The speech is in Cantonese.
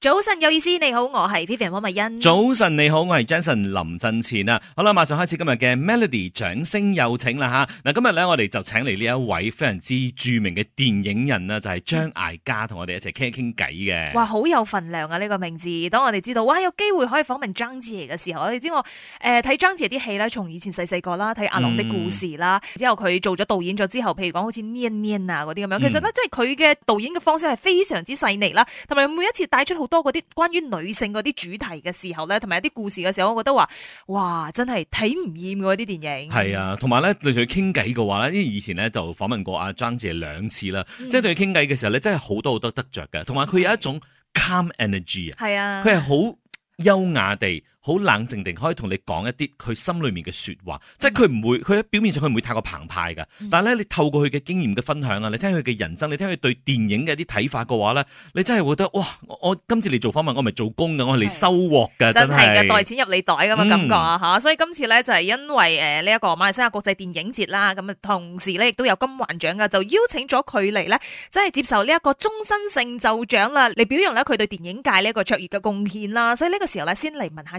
早晨有意思，你好，我係 Vivian 黃美欣。早晨你好，我係 Jason 林振前啊。好啦，馬上開始今日嘅 Melody 掌聲有請啦吓。嗱，今日咧我哋就請嚟呢一位非常之著名嘅電影人啦，就係、是、張艾嘉，同我哋一齊傾一傾偈嘅。哇，好有份量啊！呢個名字，當我哋知道哇，有機會可以訪問張艾嘉嘅時候，道我哋知我誒睇張艾嘉啲戲啦，從以前細細個啦睇《阿郎的故事》啦、嗯，之後佢做咗導演咗之後，譬如講好似《念念》啊嗰啲咁樣，其實咧即係佢嘅導演嘅方式係非常之細膩啦，同埋每一次帶出好多嗰啲關於女性嗰啲主題嘅時候咧，同埋有啲故事嘅時候，我覺得話，哇！真係睇唔厭嗰啲電影。係啊，同埋咧，對佢傾偈嘅話咧，因為以前咧就訪問過阿張姐兩次啦，即係、嗯、對佢傾偈嘅時候咧，真係好多好多得着嘅。同埋佢有一種 calm energy 啊，係啊，佢係好優雅地。好冷靜定可以同你講一啲佢心裏面嘅説話，即係佢唔會，佢喺表面上佢唔會太過澎湃嘅。但係咧，你透過佢嘅經驗嘅分享啊，你聽佢嘅人生，你聽佢對電影嘅一啲睇法嘅話咧，你真係會覺得哇！我今次嚟做訪問，我唔係做工嘅，我係嚟收穫嘅，的真係。袋錢入你袋噶嘛咁嘅感覺嚇，嗯、所以今次咧就係因為誒呢一個馬來西亞國際電影節啦，咁啊同時咧亦都有金環獎嘅，就邀請咗佢嚟咧，真係接受呢一個終身成就獎啦，嚟表揚咧佢對電影界呢一個卓越嘅貢獻啦。所以呢個時候咧，先嚟問下，